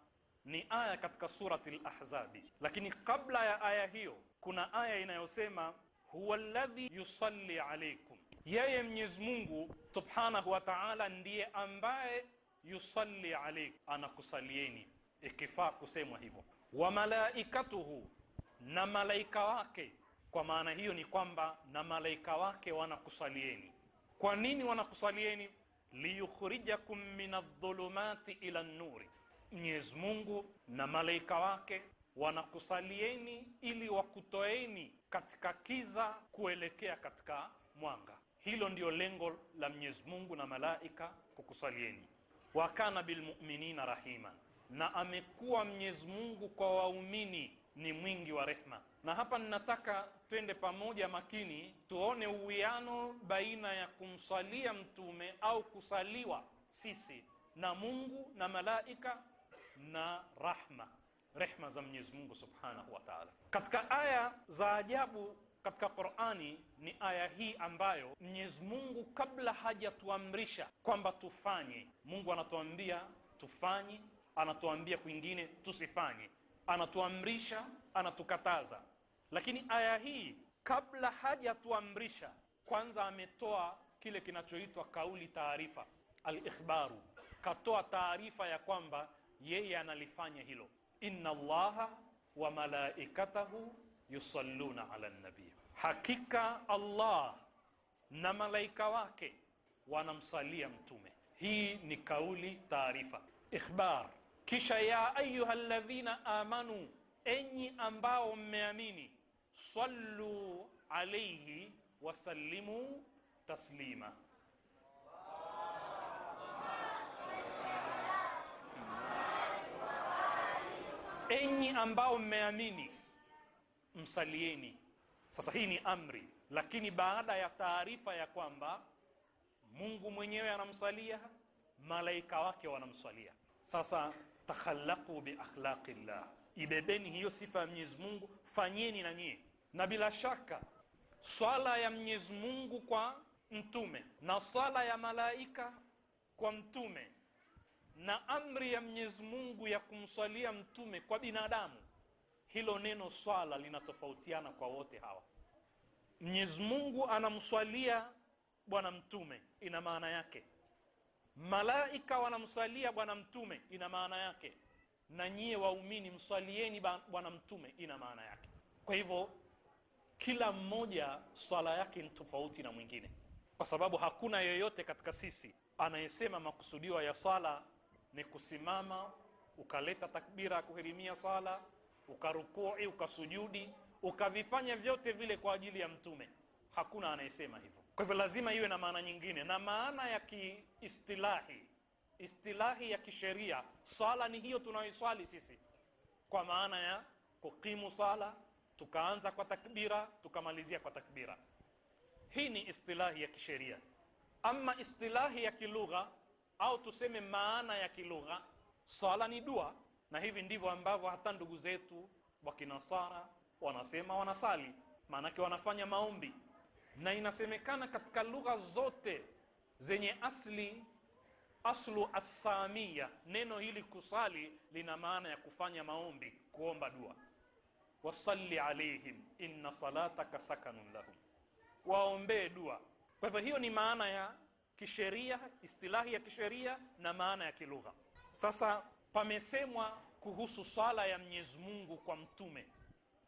ni aya katika surati Al-Ahzabi, lakini kabla ya aya hiyo kuna aya inayosema huwa alladhi yusalli alaykum yeye Mwenyezi Mungu Subhanahu wa Ta'ala ndiye ambaye yusalli alaik, anakusalieni, ikifaa kusemwa hivyo. Wa malaikatuhu, na malaika wake. Kwa maana hiyo ni kwamba na malaika wake wanakusalieni. Kwa nini wanakusalieni? liyukhrijakum min adh-dhulumati ila an-nuri, Mwenyezi Mungu na malaika wake wanakusalieni ili wakutoeni katika kiza kuelekea katika mwanga. Hilo ndio lengo la Mwenyezi Mungu na malaika kukusalieni. Wa kana bilmuminina rahima, na amekuwa Mwenyezi Mungu kwa waumini ni mwingi wa rehma. Na hapa ninataka twende pamoja makini, tuone uwiano baina ya kumsalia mtume au kusaliwa sisi na Mungu na malaika na rahma, rehma za Mwenyezi Mungu subhanahu wa taala, katika aya za ajabu katika Qur'ani ni aya hii ambayo Mwenyezi Mungu kabla hajatuamrisha kwamba tufanye, Mungu anatuambia tufanye, anatuambia kwingine tusifanye, anatuamrisha, anatukataza. Lakini aya hii kabla hajatuamrisha, kwanza ametoa kile kinachoitwa kauli taarifa, al-ikhbaru, katoa taarifa ya kwamba yeye analifanya hilo, inna Allaha wa malaikatahu yusalluna ala nabiy Hakika Allah na malaika wake wanamsalia mtume. Hii ni kauli taarifa, ikhbar. Kisha ya ayuha alladhina amanu, enyi ambao mmeamini, sallu alayhi wasallimu taslima. Enyi ambao mmeamini, msalieni sasa hii ni amri, lakini baada ya taarifa ya kwamba Mungu mwenyewe anamsalia, malaika wake wanamsalia. Sasa takhallaqu bi akhlaqillah, ibebeni hiyo sifa ya Mwenyezi Mungu, fanyeni na nyie. Na bila shaka swala ya Mwenyezi Mungu kwa mtume na swala ya malaika kwa mtume na amri ya Mwenyezi Mungu ya kumswalia mtume kwa binadamu hilo neno swala linatofautiana kwa wote hawa. Mwenyezi Mungu anamswalia bwana mtume, ina maana yake. Malaika wanamswalia bwana mtume, ina maana yake. Na nyie waumini mswalieni bwana mtume, ina maana yake. Kwa hivyo kila mmoja swala yake ni tofauti na mwingine, kwa sababu hakuna yeyote katika sisi anayesema makusudiwa ya swala ni kusimama ukaleta takbira ya kuhirimia swala ukarukui, eh, ukasujudi, ukavifanya vyote vile kwa ajili ya Mtume. Hakuna anayesema hivyo. Kwa hivyo lazima iwe na maana nyingine, na maana ya kiistilahi, istilahi ya kisheria, swala ni hiyo tunayoiswali sisi, kwa maana ya kukimu swala, tukaanza kwa takbira, tukamalizia kwa takbira. Hii ni istilahi ya kisheria. Ama istilahi ya kilugha au tuseme maana ya kilugha, swala ni dua na hivi ndivyo ambavyo hata ndugu zetu wa kinasara wanasema wanasali, maanake wanafanya maombi, na inasemekana katika lugha zote zenye asli aslu assamia, neno hili kusali lina maana ya kufanya maombi, kuomba dua. Wasalli alaihim inna salataka sakanun lahum, waombee dua. Kwa hivyo hiyo ni maana ya kisheria, istilahi ya kisheria na maana ya kilugha. Sasa pamesemwa kuhusu swala ya Mwenyezi Mungu kwa mtume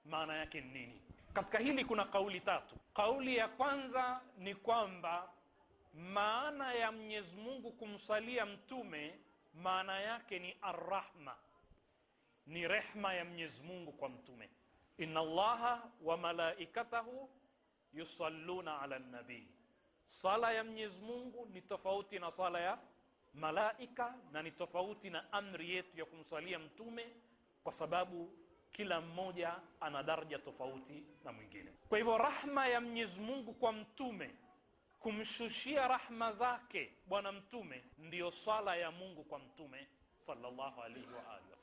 maana yake ni nini? Katika hili kuna kauli tatu. Kauli ya kwanza ni kwamba maana ya Mwenyezi Mungu kumsalia mtume maana yake ni arrahma, ni rehma ya Mwenyezi Mungu kwa mtume. Inna Allaha wa malaikatahu yusalluna ala nabii. Sala ya Mwenyezi Mungu ni tofauti na sala ya malaika na ni tofauti na amri yetu ya kumswalia mtume kwa sababu kila mmoja ana daraja tofauti na mwingine. Kwa hivyo rahma ya Mwenyezi Mungu kwa mtume kumshushia rahma zake bwana mtume ndiyo swala ya Mungu kwa mtume sallallahu alaihi wa alihi wasallam.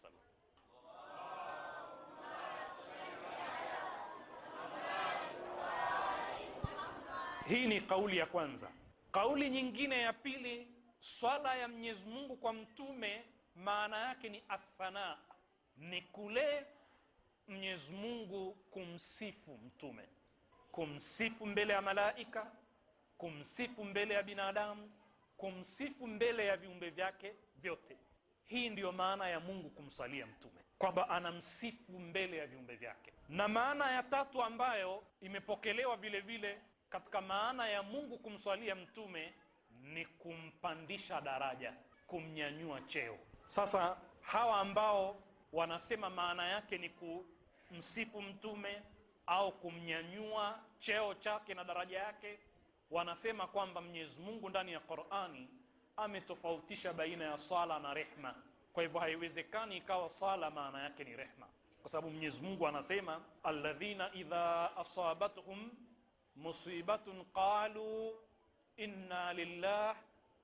Hii ni kauli ya kwanza. Kauli nyingine ya pili swala ya Mwenyezi Mungu kwa mtume maana yake ni athanaa, ni kule Mwenyezi Mungu kumsifu mtume, kumsifu mbele ya malaika, kumsifu mbele ya binadamu, kumsifu mbele ya viumbe vyake vyote. Hii ndiyo maana ya Mungu kumswalia mtume, kwamba anamsifu mbele ya viumbe vyake. Na maana ya tatu ambayo imepokelewa vile vile katika maana ya Mungu kumswalia mtume ni kumpandisha daraja, kumnyanyua cheo. Sasa hawa ambao wanasema maana yake ni kumsifu mtume au kumnyanyua cheo chake na daraja yake, wanasema kwamba Mwenyezi Mungu ndani ya Qur'ani ametofautisha baina ya sala na rehma. Kwa hivyo haiwezekani ikawa sala maana yake ni rehma, kwa sababu Mwenyezi Mungu anasema alladhina idha asabathum musibatun qalu inna lillah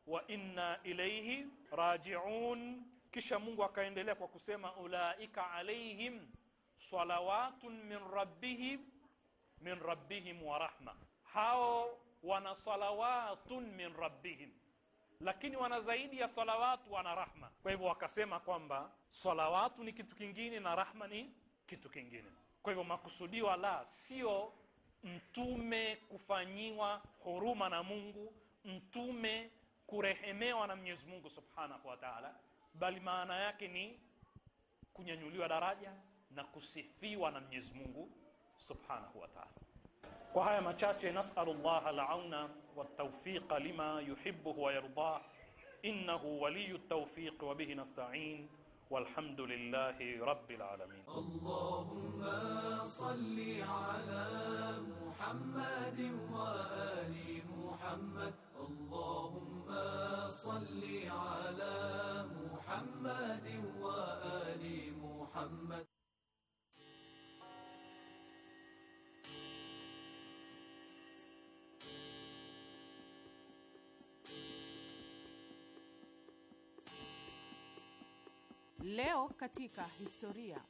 wa inna ilayhi rajiun kisha Mungu akaendelea kwa kusema ulaika alaihim salawatun min rabbihim min rabbihim wa rahma hao wana salawatun min rabbihim lakini wana zaidi ya salawatu wana rahma kwa hivyo wakasema kwamba salawatu ni kitu kingine na rahma ni kitu kingine kwa hivyo makusudiwa la sio mtume kufanyiwa huruma na Mungu, mtume kurehemewa na Mwenyezi Mungu Subhanahu wa Ta'ala, bali maana yake ni kunyanyuliwa daraja na kusifiwa na Mwenyezi Mungu Subhanahu wa Ta'ala. Kwa haya machache, nasalu llaha launa auna lima yuhibbu wa yardah innahu waliyut tawfiq wa bihi nasta'in. والحمد لله رب العالمين اللهم صل على محمد وآل محمد اللهم صل على محمد وآل محمد Leo katika historia.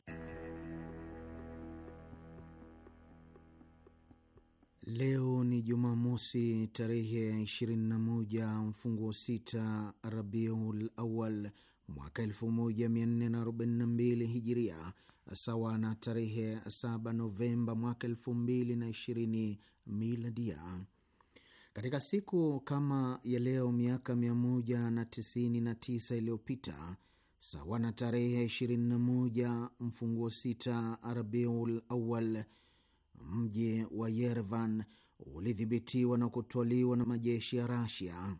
Leo ni Jumamosi tarehe 21 mfunguo 6 Rabiul Awal mwaka 1442 Hijiria, sawa na tarehe 7 Novemba mwaka 2020 Miladia. Katika siku kama ya leo miaka 199 iliyopita sawa na tarehe 21 mfunguo 6 Arbiul Awal, mji wa Yerevan ulidhibitiwa na kutwaliwa na majeshi ya Rasia.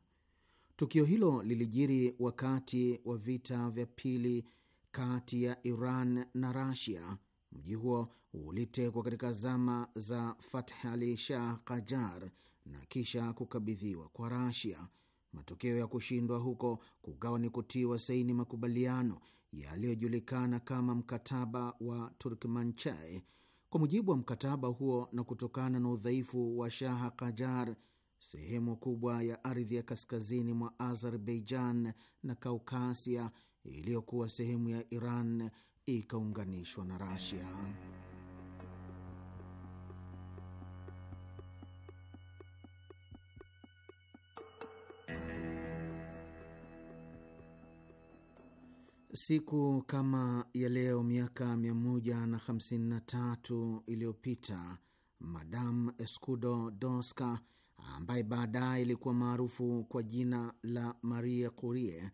Tukio hilo lilijiri wakati wa vita vya pili kati ya Iran na Rasia. Mji huo ulitekwa katika zama za Fath Ali Shah Kajar na kisha kukabidhiwa kwa Rasia. Matokeo ya kushindwa huko kukawa ni kutiwa saini makubaliano yaliyojulikana kama mkataba wa Turkmanchai. Kwa mujibu wa mkataba huo, na kutokana na udhaifu wa Shaha Kajar, sehemu kubwa ya ardhi ya kaskazini mwa Azerbaijan na Kaukasia iliyokuwa sehemu ya Iran ikaunganishwa na Rasia. Siku kama ya leo miaka 153 iliyopita Madam Escudo Doska ambaye baadaye ilikuwa maarufu kwa jina la Maria Curie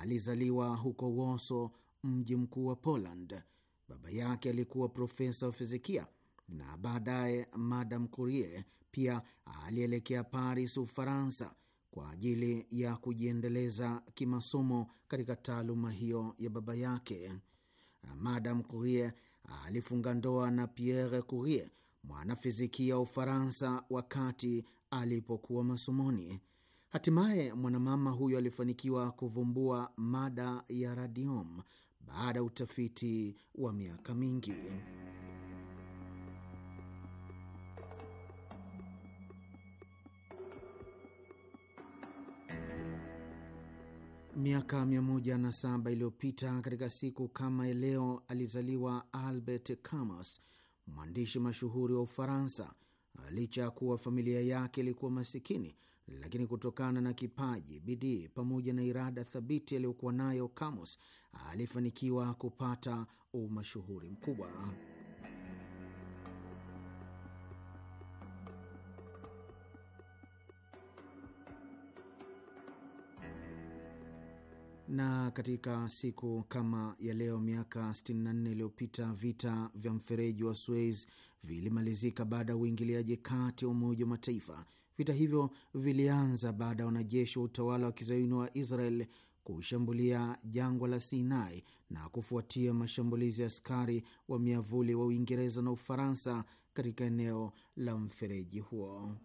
alizaliwa huko Woso, mji mkuu wa Poland. Baba yake alikuwa profesa wa fizikia na baadaye Madam Curie pia alielekea Paris, Ufaransa kwa ajili ya kujiendeleza kimasomo katika taaluma hiyo ya baba yake. Madam Curie alifunga ndoa na Pierre Curie, mwanafizikia wa Ufaransa, wakati alipokuwa masomoni. Hatimaye mwanamama huyo alifanikiwa kuvumbua mada ya radium baada ya utafiti wa miaka mingi. Miaka 107 iliyopita katika siku kama leo alizaliwa Albert Camus, mwandishi mashuhuri wa Ufaransa. Licha ya kuwa familia yake ilikuwa masikini, lakini kutokana na kipaji, bidii pamoja na irada thabiti aliyokuwa nayo, Camus alifanikiwa kupata umashuhuri mkubwa. na katika siku kama ya leo miaka 64 iliyopita vita vya mfereji wa Suez vilimalizika baada ya uingiliaji kati ya Umoja wa Mataifa. Vita hivyo vilianza baada ya wanajeshi wa utawala wa kizayuni wa Israel kushambulia jangwa la Sinai na kufuatia mashambulizi ya askari wa miavuli wa Uingereza na Ufaransa katika eneo la mfereji huo.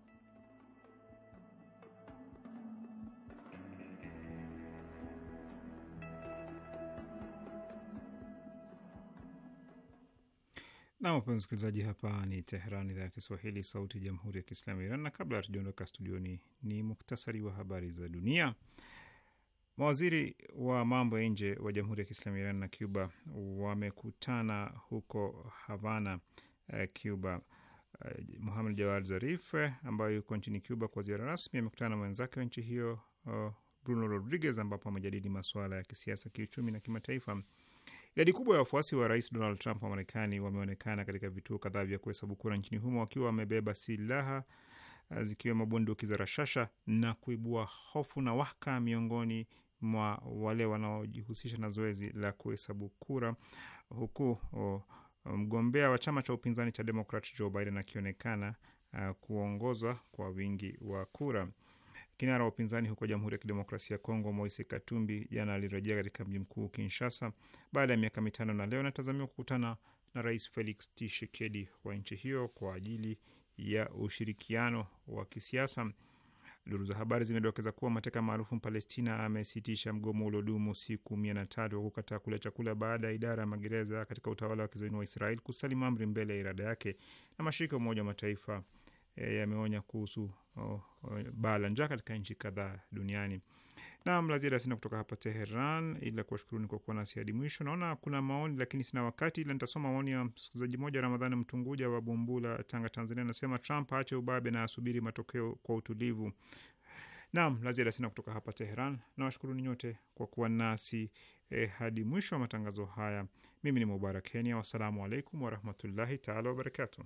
Na wapenzi msikilizaji, hapa ni Teheran, idhaa ya Kiswahili, sauti ya jamhuri ya kiislamu ya Iran. Na kabla hatujaondoka studioni, ni muktasari wa habari za dunia. Mawaziri wa mambo ya nje wa jamhuri ya kiislamu ya Iran na Cuba wamekutana huko Havana, eh, Cuba. Eh, Muhamed Jawad Zarif eh, ambayo yuko nchini Cuba kwa ziara rasmi amekutana na mwenzake wa nchi hiyo oh, Bruno Rodriguez, ambapo amejadili masuala ya kisiasa, kiuchumi na kimataifa. Idadi kubwa ya wafuasi wa rais Donald Trump wa Marekani wameonekana katika vituo kadhaa vya kuhesabu kura nchini humo wakiwa wamebeba silaha eh, zikiwemo bunduki za rashasha na kuibua hofu na waka miongoni mwa wale wanaojihusisha na zoezi la kuhesabu kura, huku mgombea wa chama cha upinzani cha Demokrat Joe Biden akionekana eh, kuongoza kwa wingi wa kura. Kinara wa upinzani huko Jamhuri ya Kidemokrasia ya Kongo, Moise Katumbi, jana alirejea katika mji mkuu Kinshasa baada ya miaka mitano, na leo anatazamiwa kukutana na Rais Felix Tshisekedi wa nchi hiyo kwa ajili ya ushirikiano wa kisiasa. Duru za habari zimedokeza kuwa mateka maarufu Mpalestina amesitisha mgomo uliodumu siku mia na tatu wa kukataa kula chakula baada ya idara ya magereza katika utawala wa kizoeni wa Israel kusalimu amri mbele ya irada yake na mashirika ya Umoja wa Mataifa e, yameonya kuhusu oh, oh, baa la njaa katika nchi kadhaa duniani. Naam, la ziada sina kutoka hapa Teheran, ila kuwashukuruni kwa kuwa nasi hadi mwisho. Naona kuna maoni lakini sina wakati, ila nitasoma maoni ya msikilizaji mmoja Ramadhani Mtunguja wa Bumbula, Tanga, Tanzania. Anasema Trump aache ubabe na asubiri matokeo kwa utulivu. Naam, la ziada sina kutoka hapa Teheran. Nawashukuruni nyote kwa kuwa nasi eh, hadi mwisho wa matangazo haya. Mimi ni Mubarak Kenya, wassalamu alaikum warahmatullahi taala wabarakatuh.